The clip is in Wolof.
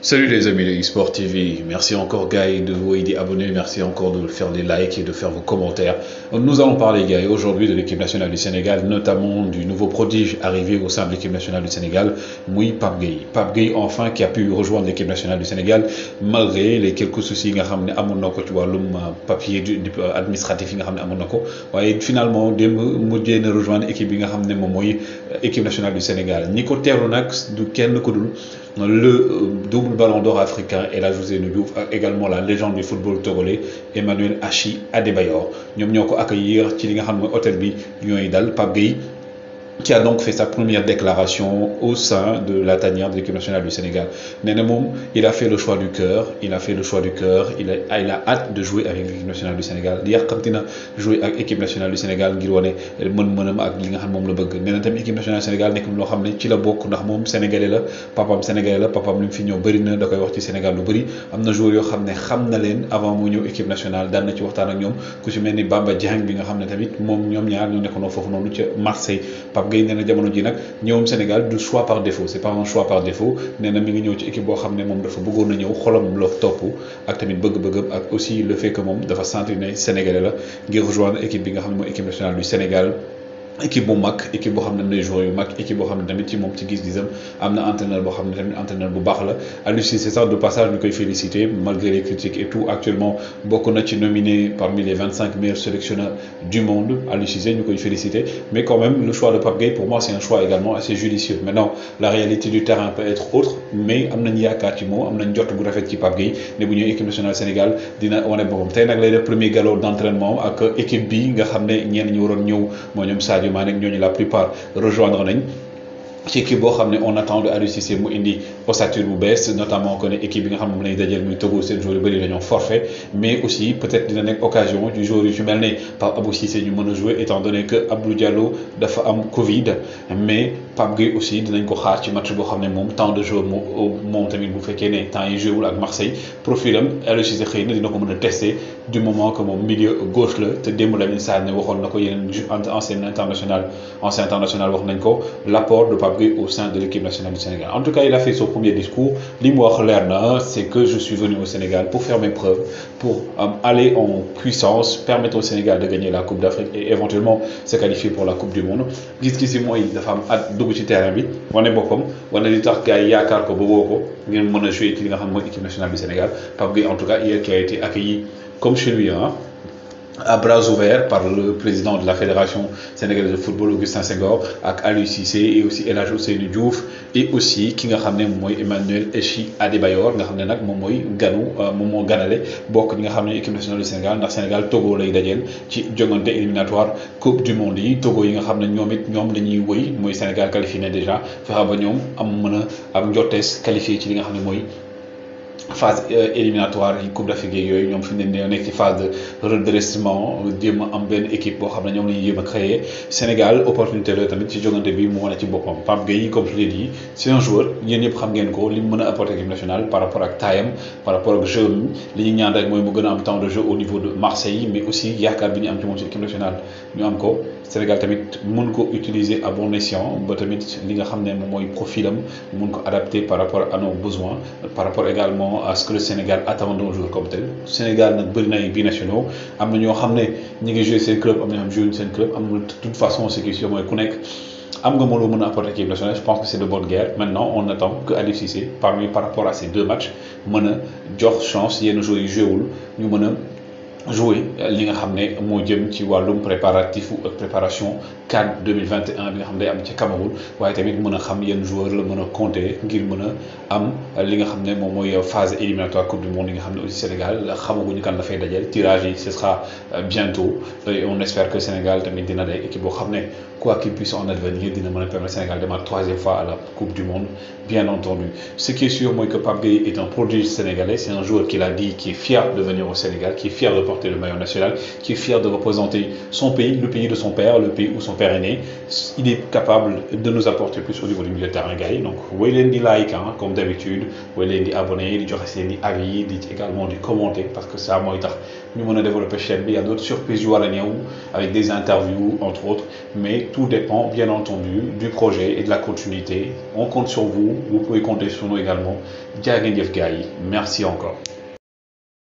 Salut les amis de eSport TV, merci encore Guy de vous aider à abonner, merci encore de faire des likes et de faire vos commentaires. Nous allons parler Guy aujourd'hui de l'équipe nationale du Sénégal, notamment du nouveau prodige arrivé au sein de l'équipe nationale du Sénégal, Moui Pape Gueye. enfin qui a pu rejoindre l'équipe nationale du Sénégal malgré les quelques soucis nga ont à amoon ci euh, papier euh, administratif qui nga Monaco. finalement Moui a rejoindre euh, équipe nationale du Sénégal Nico du le double ballon d'or africain et la José Nubiouf également la légende du football togolais Emmanuel Achi Adebayor Nous venons encore accueillir ci li nga hotel bi Pape qui a donc fait sa première déclaration au sein de la tanière de l'équipe nationale du Sénégal. Nenemoum, il a fait le choix du cœur, il a fait le choix du cœur, il a, il a hâte de jouer avec l'équipe nationale du Sénégal. Il a jouer avec l'équipe nationale du Sénégal, il a mën mënam ak li nga xam moom la bëgg nee na tamit équipe nationale Sénégal nekk loo xam ne ci la bokk ndax moom sénégalais la papam sénégalais la papam li mu fi ñëw bëri na da koy wax ci Sénégal lu bëri am na joueurs yoo xam xam na leen avant mu ñëw équipe nationale daan na ci waxtaan ak ñoom ku ci mel ni Bamba Dieng bi nga xam ne tamit moom ñoom ñaar ñoo nekkoon foofu noonu ca Marseille Pape Gueye jamono ji Sénégal du choix par défaut c'est pas un choix par défaut nee na mi ngi ñëw ci équipe bo xamné mom dafa bëggoon na ñëw xolam lo top ak tamit bëgg-bëggam ak aussi le fait que mom dafa sentir ne Sénégalais la ngir rejoindre équipe bi nga xamné mo équipe nationale du Sénégal équipe bu mag équipe boo xam ne nay joueurs yu mag équipe boo xam ne tamit ci moom ci gis-gisam am entraîneur boo xam ne tamit entraîneur bu baax la Aliou c'est ça, de passage ñu koy féliciter malgré les critiques et tout actuellement bokk na ci nominé parmi les 25 meilleurs sélectionneurs du monde Aliou Cissé ñu koy féliciter mais quand même le choix de Pape Gueye pour moi c'est un choix également assez judicieux maintenant la réalité du terrain peut être autre mais am nañ yaakaar ci moom am nañ jot gu rafet ci Pape Gueye ne bu ñëwee équipe nationale Sénégal dina wane boppam tey nag lay def premier galop d'entraînement ak équipe bi nga xam ne ñi waroon ñëw moo ñoom Sadio actuellement nag ñooñu la plupart rejoindre nañ. ci équipe boo xam ne on attend de Aliou Cissé mu indi ossature bu bees notamment que ne équipe bi nga xam ne moom lañu dajeel muy Togo seen joueurs yu bëri dañoo forfait mais aussi peut-être dina nekk occasion du joueur yu ci mel ne Pape Abou Cissé ñu mën a jouer étant donné que Abdou Diallo dafa am Covid mais Pape Gueye aussi dinañ ko xaar ci match boo xam ne moom temps de jeu moom moom tamit bu fekkee ne temps yi joué ak Marseille profilam Aliou Cissé xëy na dina ko mën a tester du moment que mon milieu gauche le te à Lamine Sané waxoon na ko yeneen ancien international ancien international l'apport de Pabri au sein de l'équipe nationale du Sénégal en tout cas il a fait son premier discours li c'est que je suis venu au Sénégal pour faire mes preuves pour euh, aller en puissance permettre au Sénégal de gagner la Coupe d'Afrique et éventuellement se qualifier pour la Coupe du Monde double gis yi mooy dafa am at dugg ci terrain bi a un peu de tax il y a ko peu de temps, il y a jouer ci li nga xam peu équipe nationale du Sénégal Pape Gueye en tout cas il qui a été accueilli comme chez lui, hein, à bras ouverts par le président de la Fédération sénégalaise de football Augustin Senghor ak Alu Cissé et aussi El Hadj Diouf et aussi ki nga xam Emmanuel Echi Adebayor nga xam ne nag euh, ganale bokk ñi nga ramené l'équipe nationale du Sénégal ndax Sénégal Togo lay dans ci jongante éliminatoire Coupe du Monde Togo yi nga xam ne ñoom it ñoom dañuy Sénégal qualifié déjà fexe ba ñoom am am qualifié ci li nga phase euh, éliminatoire yi coupe d'Afrique yooyu ñoom fi mu ne nekk ci phase de redressement jéem am benn équipe boo xam ne ñoom la ñuy jéem a créé Sénégal opportunité la tamit ci jogante bi mu wane ci boppam Pape Gueye comme je l'ai dit c'est un joueur yéen ñëpp xam ngeen ko li mu mën a apporter équipe nationale par rapport ak taayam par rapport ak jeu li ñu ñaan rek mooy mu gën a am temps de jeu au niveau de Marseille mais aussi yaakaar bi ñu am ci moom ci équipe nationale ñu am ko Sénégal tamit mun ko utiliser à bon escient ba tamit li nga xam ne moom mooy profilam mun ko adapter par rapport à nos besoins par rapport également à ce que le Sénégal attend d'un joueur comme tel le Sénégal n'a un na binationaux am na ñoo xam ñi joué club am na joué un club de toute façon c'est qui est sûr mooy ku am nga nationale je pense que c'est de bonne guerre maintenant on attend que Ali par rapport à ces deux matchs ait a jox chance de jouer un jeu ñu nous jouer li nga xamné mo jëm ci walum préparatif ou préparation CAN 2021 bi nga xam am ci Cameroun waye tamit mëna xam yeen joueur la mëna a compter ngir mëna am li nga xamné mom moy phase éliminatoire coupe du monde nga xam aussi Sénégal ñu kan la fay tirage ce sera euh, bientôt et on espère que Sénégal tamit dina day équipe boo xam quoi qu'il puisse en advenir dina mëna a permettre Sénégal de ma troisième fois à la coupe du monde bien entendu ce qui est sûr moi que Pape Gueye est un produit sénégalais c'est un joueur qui l'a dit qui est fier de venir au Sénégal qui est fier de porter le maillot national, qui est fier de représenter son pays, le pays de son père, le pays où son père est né. Il est capable de nous apporter plus au niveau du milieu de terrain, Donc, vous les like, hein, comme d'habitude, vous les abonner, les avis, également les commenter, parce que ça, moi, nous, on a développé chaîne, il y a d'autres surprises à l'année avec des interviews, entre autres. Mais tout dépend, bien entendu, du projet et de la continuité. On compte sur vous, vous pouvez compter sur nous également. Merci encore.